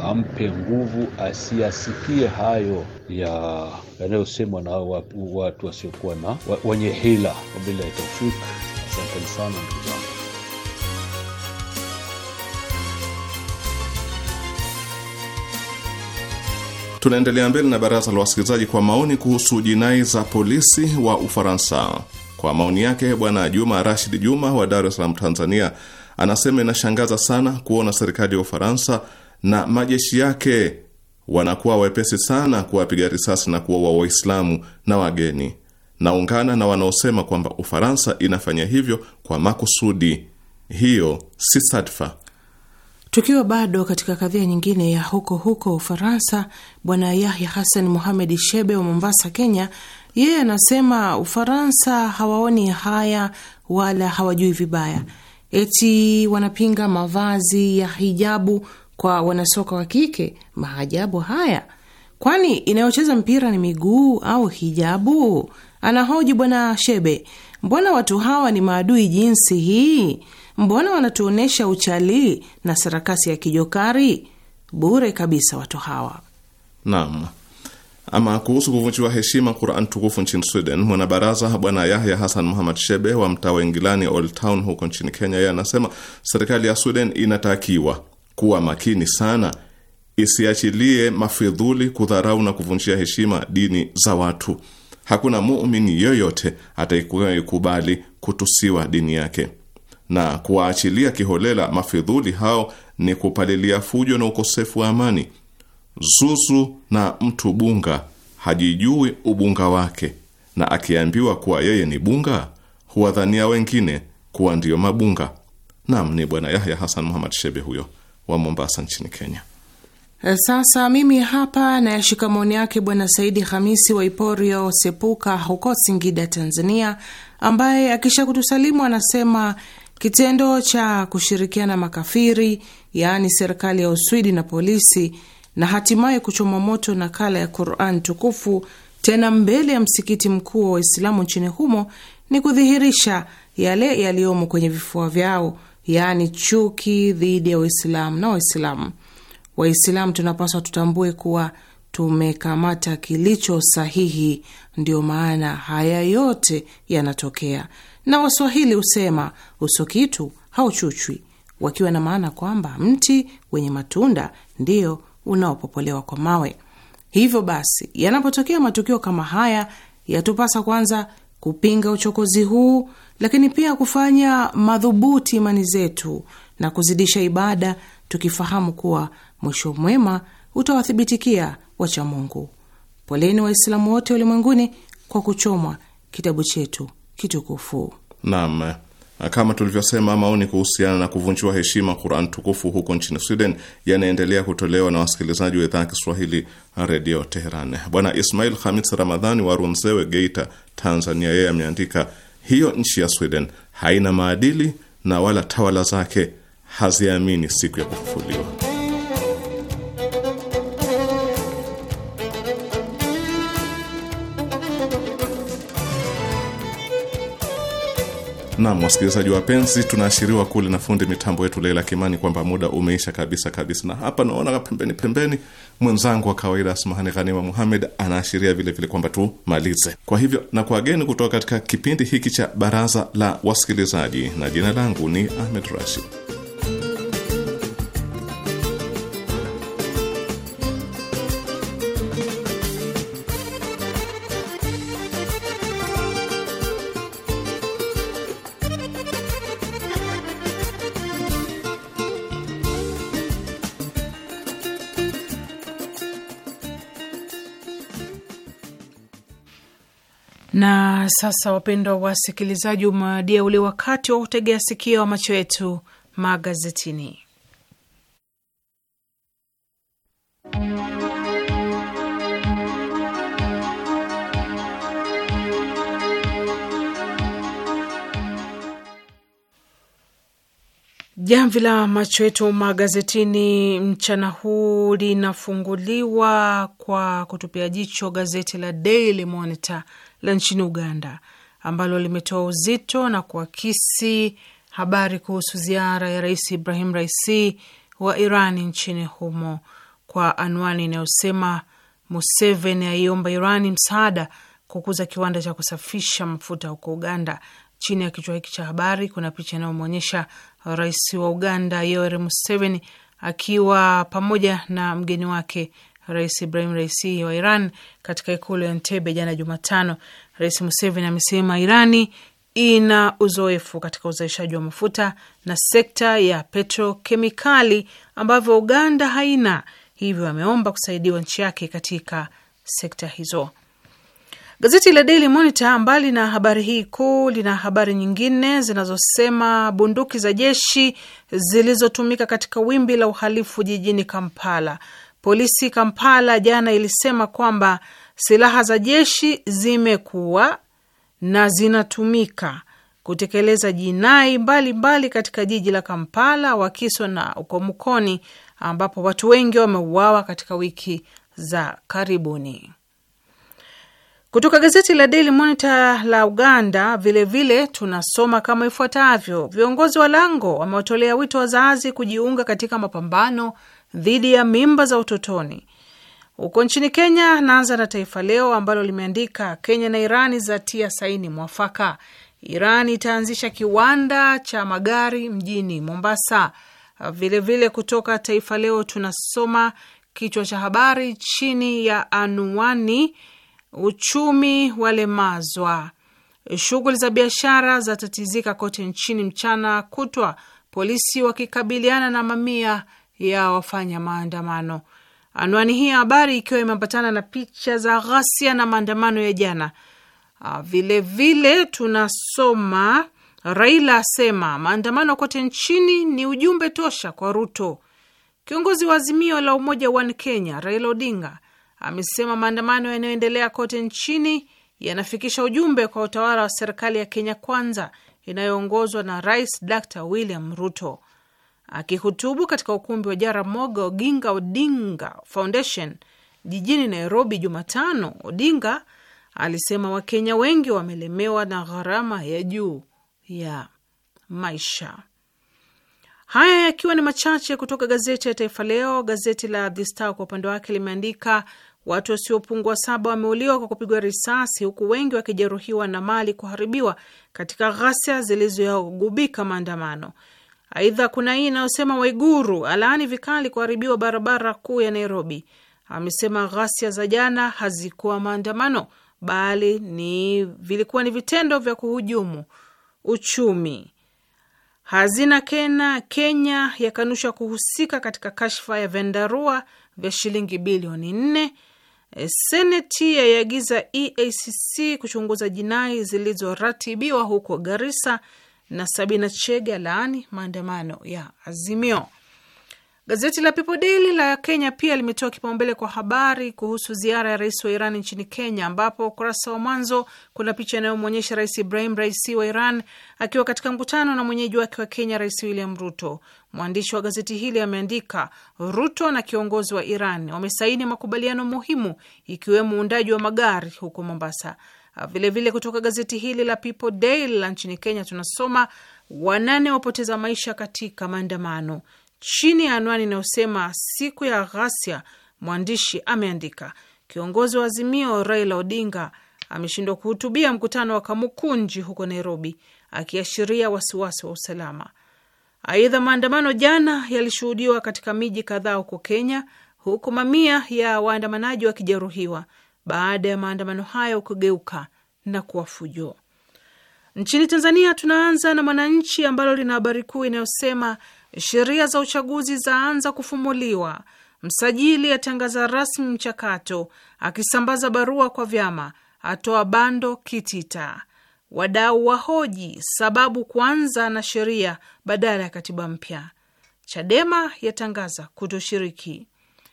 ampe nguvu asiyasikie hayo ya yanayosemwa na watu wasiokuwa na wenye hila. Wabillahi taufiki. Asanteni sana ndugu zangu. Tunaendelea mbele na baraza la wasikilizaji kwa maoni kuhusu jinai za polisi wa Ufaransa. Kwa maoni yake Bwana Juma Rashid Juma wa Dar es Salaam, Tanzania, anasema inashangaza sana kuona serikali ya Ufaransa na majeshi yake wanakuwa wepesi sana kuwapiga risasi na kuwaua Waislamu na wageni. Naungana na wanaosema kwamba Ufaransa inafanya hivyo kwa makusudi, hiyo si sadfa. Tukiwa bado katika kadhia nyingine ya huko huko Ufaransa, Bwana Yahya Hassan Muhamed Shebe wa Mombasa, Kenya, yeye anasema Ufaransa hawaoni haya wala hawajui vibaya, eti wanapinga mavazi ya hijabu kwa wanasoka wa kike. Maajabu haya! Kwani inayocheza mpira ni miguu au hijabu? Anahoji Bwana Shebe, mbona watu hawa ni maadui jinsi hii? Mbona wanatuonyesha uchali na sarakasi ya kijokari? Bure kabisa watu hawa. Naam. Ama kuhusu kuvunjiwa heshima Quran tukufu nchini Sweden, mwanabaraza Bwana Yahya Hasan Muhamad Shebe wa mtaa wa Ingilani Old Town huko nchini Kenya, yeye anasema serikali ya Sweden inatakiwa kuwa makini sana, isiachilie mafidhuli kudharau na kuvunjia heshima dini za watu. Hakuna muumini yoyote ataikubali kutusiwa dini yake na kuwaachilia kiholela mafidhuli hao ni kupalilia fujo na ukosefu wa amani. Zuzu na mtu bunga hajijui ubunga wake, na akiambiwa kuwa yeye ni bunga huwadhania wengine kuwa ndiyo mabunga. Nam ni Bwana Yahya Hasan Muhamad Shebe huyo wa Mombasa nchini Kenya. E, sasa mimi hapa nayashika maoni yake Bwana Saidi Hamisi wa Iporio Sepuka huko Singida, Tanzania, ambaye akisha kutusalimu anasema Kitendo cha kushirikiana makafiri, yaani serikali ya Uswidi na polisi, na hatimaye kuchoma moto nakala ya Quran tukufu tena mbele ya msikiti mkuu wa Waislamu nchini humo ni kudhihirisha yale yaliyomo kwenye vifua vyao, yaani chuki dhidi ya Uislamu na Waislamu. Waislamu tunapaswa tutambue kuwa tumekamata kilicho sahihi, ndiyo maana haya yote yanatokea na Waswahili husema usokitu hauchuchwi, wakiwa na maana kwamba mti wenye matunda ndiyo unaopopolewa kwa mawe. Hivyo basi, yanapotokea matukio kama haya, yatupasa kwanza kupinga uchokozi huu, lakini pia kufanya madhubuti imani zetu na kuzidisha ibada, tukifahamu kuwa mwisho mwema utawathibitikia wacha Mungu. Poleni Waislamu wote ulimwenguni kwa kuchomwa kitabu chetu kitukufu. Naam, kama tulivyosema, maoni kuhusiana na kuvunjiwa heshima Quran tukufu huko nchini Sweden yanaendelea kutolewa na wasikilizaji wa idhaa ya Kiswahili Redio Teheran. Bwana Ismail Hamis Ramadhani wa Rumzewe, Geita, Tanzania, yeye ameandika, hiyo nchi ya Sweden haina maadili na wala tawala zake haziamini siku ya kufufuliwa. Nam wasikilizaji wapenzi, tunaashiriwa kule na fundi mitambo yetu Leila Kimani kwamba muda umeisha kabisa kabisa, na hapa naona pembeni pembeni mwenzangu wa kawaida Asmahani Ghanima Muhamed anaashiria vilevile kwamba tumalize. Kwa hivyo na kwa geni kutoka katika kipindi hiki cha baraza la wasikilizaji, na jina langu ni Ahmed Rashid. sasa, wapendwa wasikilizaji, umewadia ule wakati wa kutegea sikio wa macho yetu magazetini. Jamvi la macho yetu magazetini mchana huu linafunguliwa kwa kutupia jicho gazeti la Daily Monitor la nchini Uganda ambalo limetoa uzito na kuakisi habari kuhusu ziara ya Rais Ibrahim Raisi wa Iran nchini humo kwa anwani inayosema Museveni aiomba Iran msaada kukuza kiwanda cha kusafisha mafuta huko Uganda. Chini ya kichwa hiki cha habari kuna picha inayomwonyesha rais wa Uganda Yoweri Museveni akiwa pamoja na mgeni wake Rais Ibrahim Raisi wa Iran katika ikulu ya ntebe jana Jumatano. Rais Museveni amesema Irani ina uzoefu katika uzalishaji wa mafuta na sekta ya petrokemikali ambavyo Uganda haina, hivyo ameomba kusaidiwa nchi yake katika sekta hizo. Gazeti la Daily Monitor, mbali na habari hii kuu, lina habari nyingine zinazosema bunduki za jeshi zilizotumika katika wimbi la uhalifu jijini Kampala. Polisi Kampala jana ilisema kwamba silaha za jeshi zimekuwa na zinatumika kutekeleza jinai mbalimbali katika jiji la Kampala, Wakiso na Ukomukoni, ambapo watu wengi wameuawa katika wiki za karibuni. Kutoka gazeti la Daily Monitor la Uganda vilevile vile, tunasoma kama ifuatavyo: viongozi wa Lango wamewatolea wito wazazi kujiunga katika mapambano dhidi ya mimba za utotoni huko nchini Kenya. Naanza na Taifa Leo ambalo limeandika Kenya na Irani zatia saini mwafaka. iran itaanzisha kiwanda cha magari mjini Mombasa. Vilevile vile kutoka Taifa Leo tunasoma kichwa cha habari chini ya anuani uchumi walemazwa, shughuli za biashara zatatizika kote nchini mchana kutwa, polisi wakikabiliana na mamia ya wafanya maandamano. Anwani hii ya habari ikiwa imeambatana na picha za ghasia na maandamano ya jana. Vilevile ah, tunasoma Raila asema maandamano kote nchini ni ujumbe tosha kwa Ruto. Kiongozi wa Azimio la Umoja One Kenya Raila Odinga amesema maandamano yanayoendelea kote nchini yanafikisha ujumbe kwa utawala wa serikali ya Kenya Kwanza inayoongozwa na Rais Dr William Ruto. Akihutubu katika ukumbi wa Jaramogi Oginga Odinga Foundation jijini Nairobi Jumatano, Odinga alisema Wakenya wengi wamelemewa na gharama ya juu ya maisha. Haya yakiwa ni machache kutoka gazeti ya Taifa Leo. Gazeti la The Star kwa upande wake limeandika watu wasiopungua saba wameuliwa kwa kupigwa risasi, huku wengi wakijeruhiwa na mali kuharibiwa katika ghasia zilizogubika maandamano. Aidha, kuna hii inayosema Waiguru alaani vikali kuharibiwa barabara kuu ya Nairobi. Amesema ghasia za jana hazikuwa maandamano, bali ni vilikuwa ni vitendo vya kuhujumu uchumi. Hazina kena Kenya yakanusha kuhusika katika kashfa ya vendarua vya shilingi bilioni nne. E, seneti yaiagiza EACC kuchunguza jinai zilizoratibiwa huko Garissa na Sabina Chege laani maandamano ya Azimio. Gazeti la People Daily la Kenya pia limetoa kipaumbele kwa habari kuhusu ziara ya rais wa Iran nchini Kenya, ambapo ukurasa wa mwanzo kuna picha inayomwonyesha Rais Ibrahim Raisi wa Iran akiwa katika mkutano na mwenyeji wake wa Kenya, Rais William Ruto. Mwandishi wa gazeti hili ameandika, Ruto na kiongozi wa Iran wamesaini makubaliano muhimu, ikiwemo uundaji wa magari huko Mombasa. Vilevile ah, vile kutoka gazeti hili la People Daily la nchini Kenya tunasoma wanane wapoteza maisha katika maandamano chini ya anwani inayosema siku ya ghasia. Mwandishi ameandika kiongozi wa Azimio Raila Odinga ameshindwa kuhutubia mkutano wa Kamukunji huko Nairobi, akiashiria wasiwasi wa usalama. Aidha, maandamano jana yalishuhudiwa katika miji kadhaa huko Kenya, huku mamia ya waandamanaji wakijeruhiwa baada ya maandamano hayo kugeuka na kuwa fujo. Nchini Tanzania tunaanza na Mwananchi ambalo lina habari kuu inayosema sheria za uchaguzi zaanza kufumuliwa, msajili atangaza rasmi mchakato, akisambaza barua kwa vyama, atoa bando kitita, wadau wahoji sababu kuanza na sheria badala ya katiba mpya, Chadema yatangaza kutoshiriki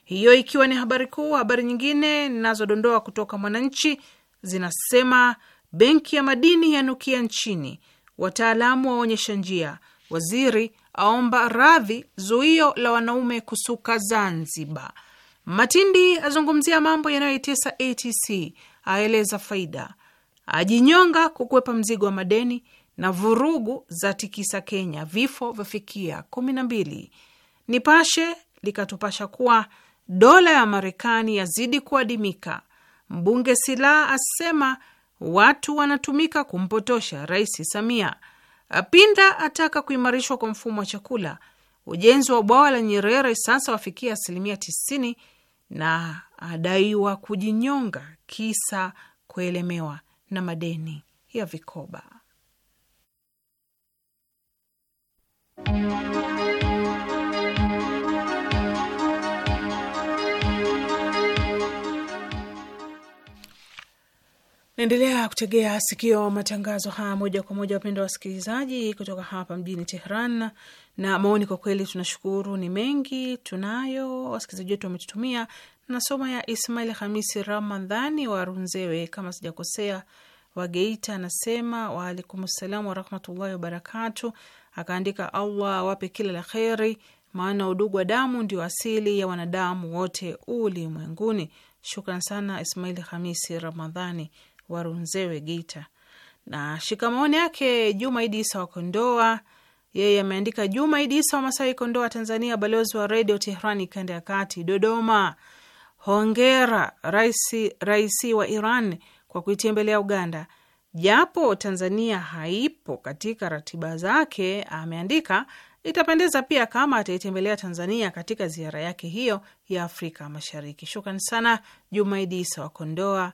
hiyo ikiwa ni habari kuu. Habari nyingine ninazodondoa kutoka Mwananchi zinasema benki ya madini yanukia nchini, wataalamu waonyesha njia, waziri aomba radhi zuio la wanaume kusuka Zanzibar, Matindi azungumzia mambo yanayoitesa ATC, aeleza faida, ajinyonga kukwepa mzigo wa madeni, na vurugu za tikisa Kenya, vifo vyafikia kumi na mbili. Nipashe likatupasha kuwa dola ya Marekani yazidi kuadimika. Mbunge Silaa asema watu wanatumika kumpotosha Rais Samia. Apinda ataka kuimarishwa kwa mfumo wa chakula. Ujenzi wa bwawa la Nyerere sasa wafikia asilimia tisini na adaiwa kujinyonga kisa kuelemewa na madeni ya vikoba. Naendelea kutegea sikio matangazo haya moja kwa moja, wapendwa wasikilizaji, kutoka hapa mjini Tehran. Na maoni kwa kweli tunashukuru ni mengi, tunayo wasikilizaji wetu wametutumia. Nasoma ya Ismail Hamisi Ramadhani wa Runzewe, kama sijakosea, wa Geita, anasema waalaikumsalam warahmatullahi wabarakatu. Akaandika, Allah wape kila la kheri, maana udugu wa damu ndio asili ya wanadamu wote ulimwenguni. Shukran sana Ismail Hamisi Ramadhani Warunzewe, Geita. Na shikamaoni yake Juma Idi Isa wa Kondoa, yeye ameandika Juma Idi Isa wa Masai, Kondoa, Tanzania, balozi wa Redio Tehrani kanda ya kati, Dodoma. Hongera raisi, raisi wa Iran kwa kuitembelea Uganda, japo Tanzania haipo katika ratiba zake. Ameandika itapendeza pia kama ataitembelea Tanzania katika ziara yake hiyo ya Afrika Mashariki. Shukran sana Jumaidi Isa wa Kondoa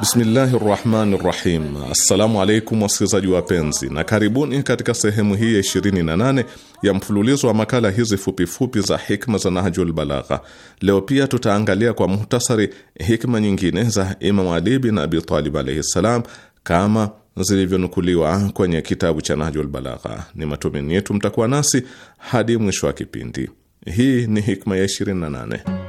Bismillahi rahmani rahim. Assalamu alaikum wasikilizaji wapenzi, na karibuni katika sehemu hii ya 28 ya mfululizo wa makala hizi fupifupi za hikma za Nahjul Balagha. Leo pia tutaangalia kwa muhtasari hikma nyingine za Imam Ali bin Abi Talib alaihi ssalam kama zilivyonukuliwa kwenye kitabu cha Nahjul Balagha. Ni matumaini yetu mtakuwa nasi hadi mwisho wa kipindi. Hii ni hikma ya 28.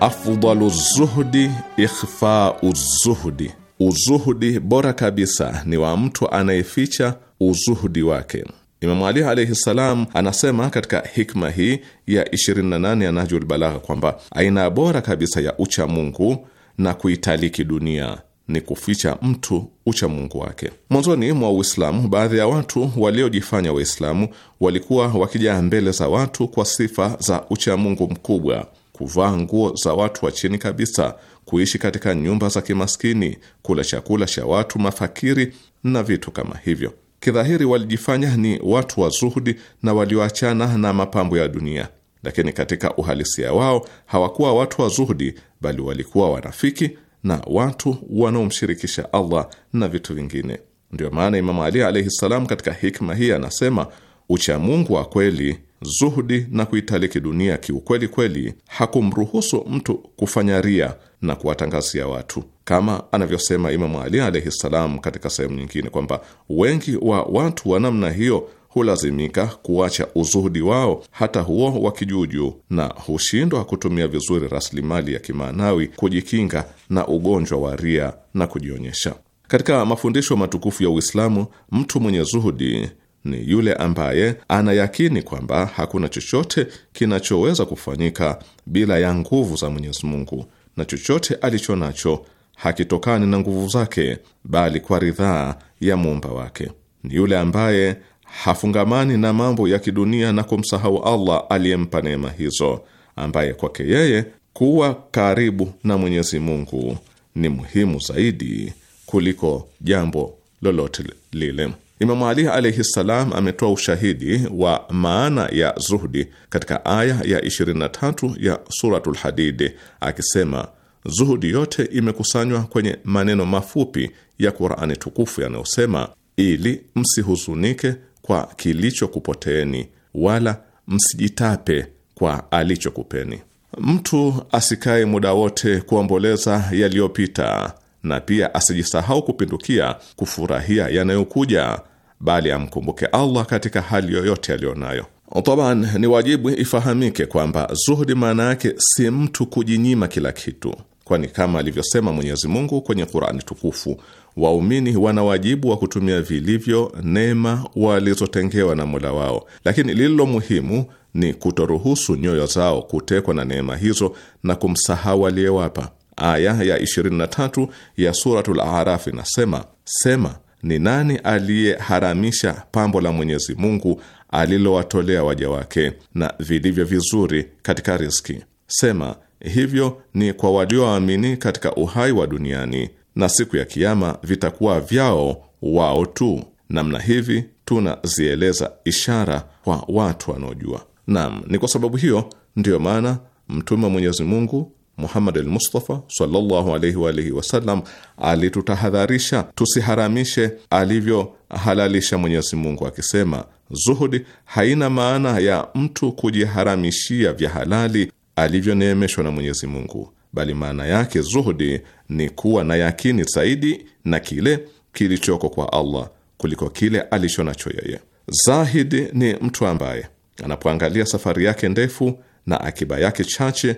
afdalu zuhdi ikhfa uzuhdi, uzuhudi bora kabisa ni wa mtu anayeficha uzuhudi wake. Imamu Ali alaihi salam anasema katika hikma hii ya 28 ya Nahjul Balagha kwamba aina bora kabisa ya ucha Mungu na kuitaliki dunia ni kuficha mtu ucha Mungu wake. Mwanzoni mwa Uislamu, baadhi ya watu waliojifanya Waislamu walikuwa wakija mbele za watu kwa sifa za ucha Mungu mkubwa kuvaa nguo za watu wa chini kabisa, kuishi katika nyumba za kimaskini, kula chakula cha watu mafakiri na vitu kama hivyo. Kidhahiri walijifanya ni watu wa zuhudi na walioachana na mapambo ya dunia, lakini katika uhalisia wao hawakuwa watu wa zuhudi, bali walikuwa wanafiki na watu wanaomshirikisha Allah na vitu vingine. Ndiyo maana Imamu Ali alaihi katika hikma hii anasema uchamungu wa kweli zuhudi na kuitaliki dunia kiukweli kweli hakumruhusu mtu kufanya ria na kuwatangazia watu, kama anavyosema Imamu Ali alaihi ssalam katika sehemu nyingine kwamba wengi wa watu wa namna hiyo hulazimika kuacha uzuhudi wao hata huo wa kijuujuu na hushindwa kutumia vizuri rasilimali ya kimaanawi kujikinga na ugonjwa wa ria na kujionyesha. Katika mafundisho matukufu ya Uislamu, mtu mwenye zuhudi ni yule ambaye anayakini kwamba hakuna chochote kinachoweza kufanyika bila ya nguvu za Mwenyezi Mungu, na chochote alicho nacho hakitokani na nguvu zake, bali kwa ridhaa ya muumba wake. Ni yule ambaye hafungamani na mambo ya kidunia na kumsahau Allah aliyempa neema hizo, ambaye kwake yeye kuwa karibu na Mwenyezi Mungu ni muhimu zaidi kuliko jambo lolote lile. Imamu Ali alaihi ssalam ametoa ushahidi wa maana ya zuhdi katika aya ya 23 ya Suratul Hadid akisema, zuhudi yote imekusanywa kwenye maneno mafupi ya Qurani tukufu yanayosema, ili msihuzunike kwa kilichokupoteeni wala msijitape kwa alichokupeni. Mtu asikae muda wote kuomboleza yaliyopita na pia asijisahau kupindukia kufurahia yanayokuja, bali amkumbuke Allah katika hali yoyote aliyonayo. Taban, ni wajibu ifahamike kwamba zuhudi maana yake si mtu kujinyima kila kitu, kwani kama alivyosema Mwenyezi Mungu kwenye Qur'ani tukufu, waumini wana wajibu wa kutumia vilivyo neema walizotengewa na Mola wao, lakini lililo muhimu ni kutoruhusu nyoyo zao kutekwa na neema hizo na kumsahau aliyewapa. Aya ya 23 ya Suratul Araf inasema, sema ni nani aliyeharamisha pambo la Mwenyezi Mungu alilowatolea waja wake na vilivyo vizuri katika riski Sema hivyo ni kwa walioamini katika uhai wa duniani, na siku ya Kiama vitakuwa vyao wao tu. Namna hivi tunazieleza ishara kwa watu wanaojua. Naam, ni kwa sababu hiyo ndiyo maana mtume wa Mwenyezi Mungu Muhammad al-Mustafa sallallahu wa alihi wasallam alitutahadharisha tusiharamishe alivyohalalisha Mwenyezi Mungu akisema, zuhudi haina maana ya mtu kujiharamishia vya halali alivyoneemeshwa na Mwenyezi Mungu, bali maana yake zuhudi ni kuwa na yakini zaidi na kile kilichoko kwa Allah kuliko kile alicho nacho yeye. Zahidi ni mtu ambaye anapoangalia safari yake ndefu na akiba yake chache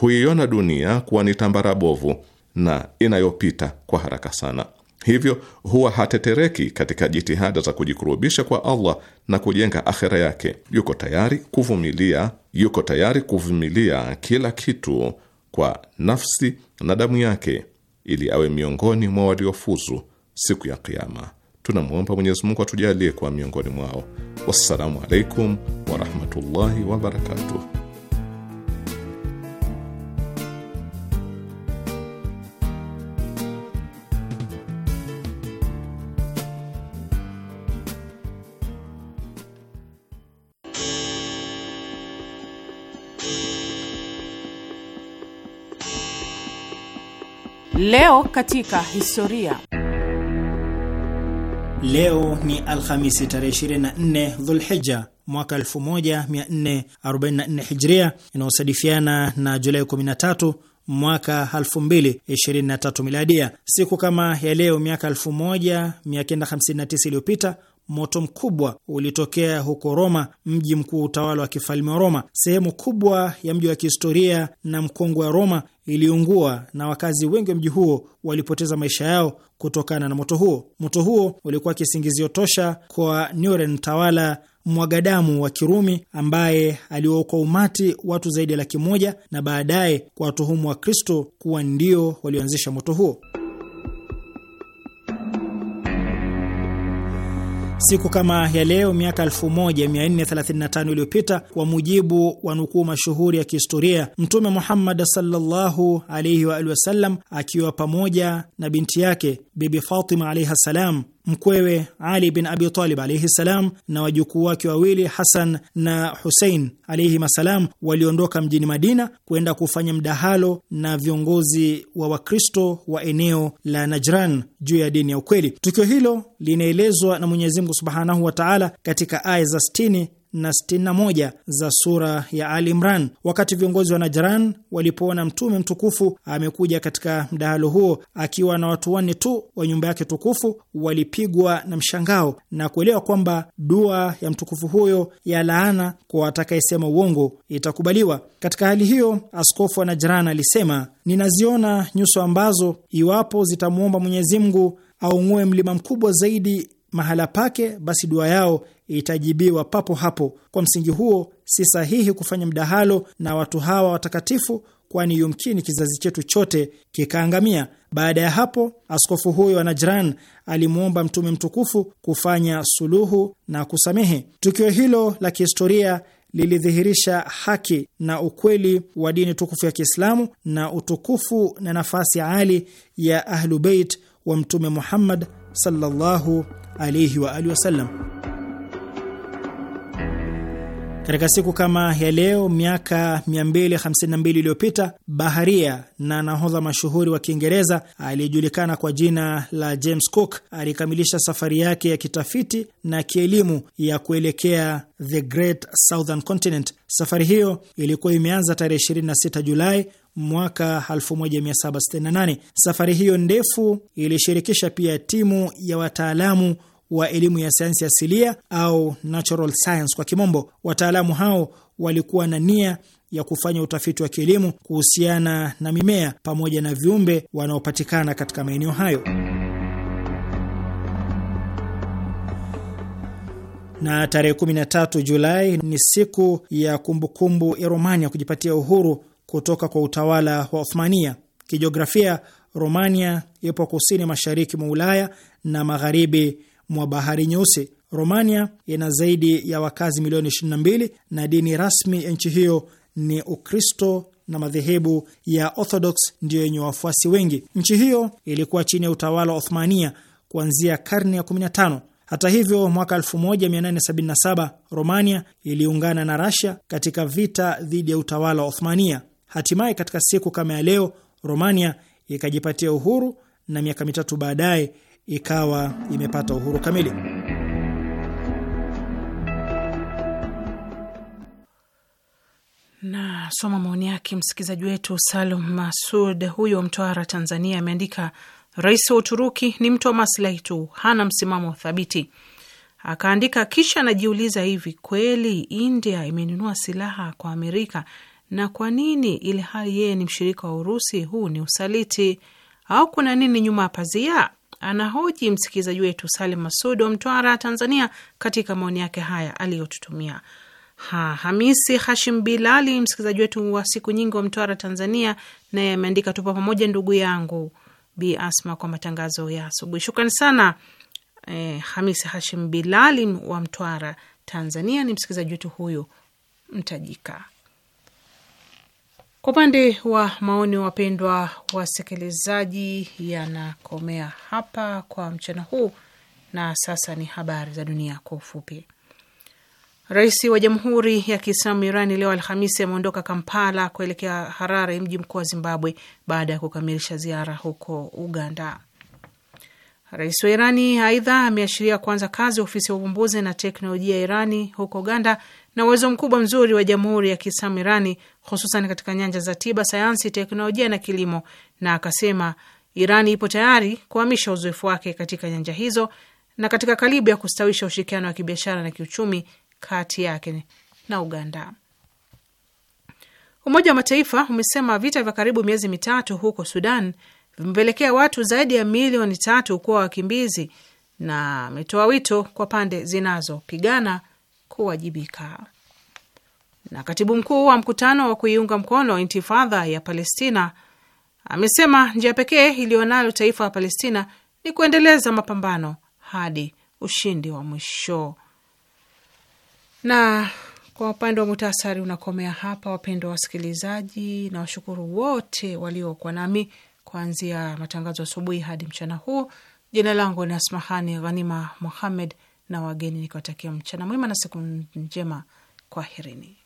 huiona dunia kuwa ni tambara bovu na inayopita kwa haraka sana, hivyo huwa hatetereki katika jitihada za kujikurubisha kwa Allah na kujenga akhera yake. Yuko tayari kuvumilia, yuko tayari kuvumilia kila kitu kwa nafsi na damu yake ili awe miongoni mwa waliofuzu siku ya kiama Tunamwomba Mwenyezi Mungu atujalie kuwa miongoni mwao. Wassalamu alaikum warahmatullahi wabarakatuh. Leo katika historia. Leo ni Alhamisi tarehe 24 Dhulhija mwaka 1444 Hijria, inayosadifiana na Julai 13 mwaka 2023 Miladia. Siku kama ya leo miaka 1959 iliyopita moto mkubwa ulitokea huko Roma, mji mkuu wa utawala wa kifalme wa Roma. Sehemu kubwa ya mji wa kihistoria na mkongwe wa Roma iliungua na wakazi wengi wa mji huo walipoteza maisha yao kutokana na moto huo. Moto huo ulikuwa kisingizio tosha kwa Nuren, mtawala mwagadamu wa Kirumi ambaye aliwaokoa umati watu zaidi ya laki moja na baadaye kuwatuhumu kristo kuwa ndio walioanzisha moto huo. Siku kama ya leo miaka 1435 iliyopita, kwa mujibu wa nukuu mashuhuri ya kihistoria, Mtume Muhammad sallallahu alaihi wa alihi wasallam akiwa pamoja na binti yake Bibi Fatima alaihi ssalam, mkwewe Ali bin Abi Talib alaihi ssalam na wajukuu wake wawili Hasan na Husein alaihim assalam waliondoka mjini Madina kwenda kufanya mdahalo na viongozi wa Wakristo wa eneo la Najran juu ya dini ya ukweli. Tukio hilo linaelezwa na Mwenyezi Mungu subhanahu wa taala katika aya za na 61 za sura ya Ali Imran. Wakati viongozi wa Najran walipoona Mtume mtukufu amekuja katika mdahalo huo akiwa na watu wanne tu wa nyumba yake tukufu, walipigwa na mshangao na kuelewa kwamba dua ya mtukufu huyo ya laana kwa atakayesema uongo itakubaliwa. Katika hali hiyo, askofu wa Najran alisema, ninaziona nyuso ambazo iwapo zitamwomba Mwenyezi Mungu aung'oe mlima mkubwa zaidi mahala pake, basi dua yao itajibiwa papo hapo. Kwa msingi huo, si sahihi kufanya mdahalo na watu hawa watakatifu, kwani yumkini kizazi chetu chote kikaangamia. Baada ya hapo, askofu huyo wa Najran alimwomba Mtume mtukufu kufanya suluhu na kusamehe. Tukio hilo la kihistoria lilidhihirisha haki na ukweli wa dini tukufu ya Kiislamu na utukufu na nafasi ali ya Ahlubeit wa Mtume Muhammad sallallahu alaihi wa alihi wasallam. Katika siku kama ya leo miaka 252 iliyopita baharia na nahodha mashuhuri wa Kiingereza aliyejulikana kwa jina la James Cook alikamilisha safari yake ya kitafiti na kielimu ya kuelekea the Great Southern Continent. Safari hiyo ilikuwa imeanza tarehe 26 Julai mwaka 1768. Safari hiyo ndefu ilishirikisha pia timu ya wataalamu wa elimu ya sayansi asilia au natural science kwa kimombo. Wataalamu hao walikuwa na nia ya kufanya utafiti wa kielimu kuhusiana na mimea pamoja na viumbe wanaopatikana katika maeneo hayo. Na tarehe 13 Julai ni siku ya kumbukumbu ya Romania kujipatia uhuru kutoka kwa utawala wa Othmania. Kijiografia, Romania ipo kusini mashariki mwa Ulaya na magharibi mwa bahari Nyeusi. Romania ina zaidi ya wakazi milioni 22 na dini rasmi ya nchi hiyo ni Ukristo na madhehebu ya Orthodox ndiyo yenye wafuasi wengi. Nchi hiyo ilikuwa chini ya utawala wa Othmania kuanzia karne ya 15. Hata hivyo, mwaka 1877 Romania iliungana na Russia katika vita dhidi ya utawala wa Othmania. Hatimaye katika siku kama ya leo Romania ikajipatia uhuru na miaka mitatu baadaye ikawa imepata uhuru kamili. na soma maoni yake msikilizaji wetu Salum Masud, huyo Mtwara, Tanzania, ameandika rais wa Uturuki ni mtu wa maslahi tu, hana msimamo thabiti. Akaandika kisha anajiuliza, hivi kweli India imenunua silaha kwa Amerika na kwa nini, ili hali yeye ni mshirika wa Urusi? Huu ni usaliti au kuna nini nyuma ya pazia? Anahoji msikilizaji wetu Salim Masud wa Mtwara, Tanzania, katika maoni yake haya aliyotutumia. Ha, Hamisi Hashim Bilali, msikilizaji wetu wa siku nyingi wa Mtwara, Tanzania, naye ameandika tupo pamoja ndugu yangu Bi Asma kwa matangazo ya asubuhi. Shukrani sana eh, Hamisi Hashim Bilali wa Mtwara, Tanzania, ni msikilizaji wetu huyu mtajika. Kwa upande wa maoni, wapendwa wasikilizaji, yanakomea hapa kwa mchana huu, na sasa ni habari za dunia kwa ufupi. Rais wa Jamhuri ya Kiislamu Irani leo Alhamisi ameondoka Kampala kuelekea Harare, mji mkuu wa Zimbabwe, baada ya kukamilisha ziara huko Uganda. Rais wa Irani aidha ameashiria kuanza kazi ofisi ya uvumbuzi na teknolojia ya Irani huko Uganda na uwezo mkubwa mzuri wa Jamhuri ya Kiislamu Irani, hususan katika nyanja za tiba, sayansi, teknolojia na kilimo, na akasema Irani ipo tayari kuhamisha uzoefu wake katika nyanja hizo na katika karibu ya kustawisha ushirikiano wa kibiashara na kiuchumi kati yake na Uganda. Umoja wa Mataifa umesema vita vya karibu miezi mitatu huko Sudan vimepelekea watu zaidi ya milioni tatu kuwa wakimbizi na ametoa wito kwa pande zinazopigana kuwajibika. Na katibu mkuu wa mkutano wa kuiunga mkono intifadha ya Palestina amesema njia pekee iliyonayo taifa la Palestina ni kuendeleza mapambano hadi ushindi wa mwisho. Na kwa upande wa muhtasari unakomea hapa, wapendwa wasikilizaji, na washukuru wote waliokuwa nami kuanzia matangazo asubuhi hadi mchana huu. Jina langu ni Asmahani Ghanima Muhammed na wageni, nikiwatakia mchana mwema na siku njema. Kwaherini.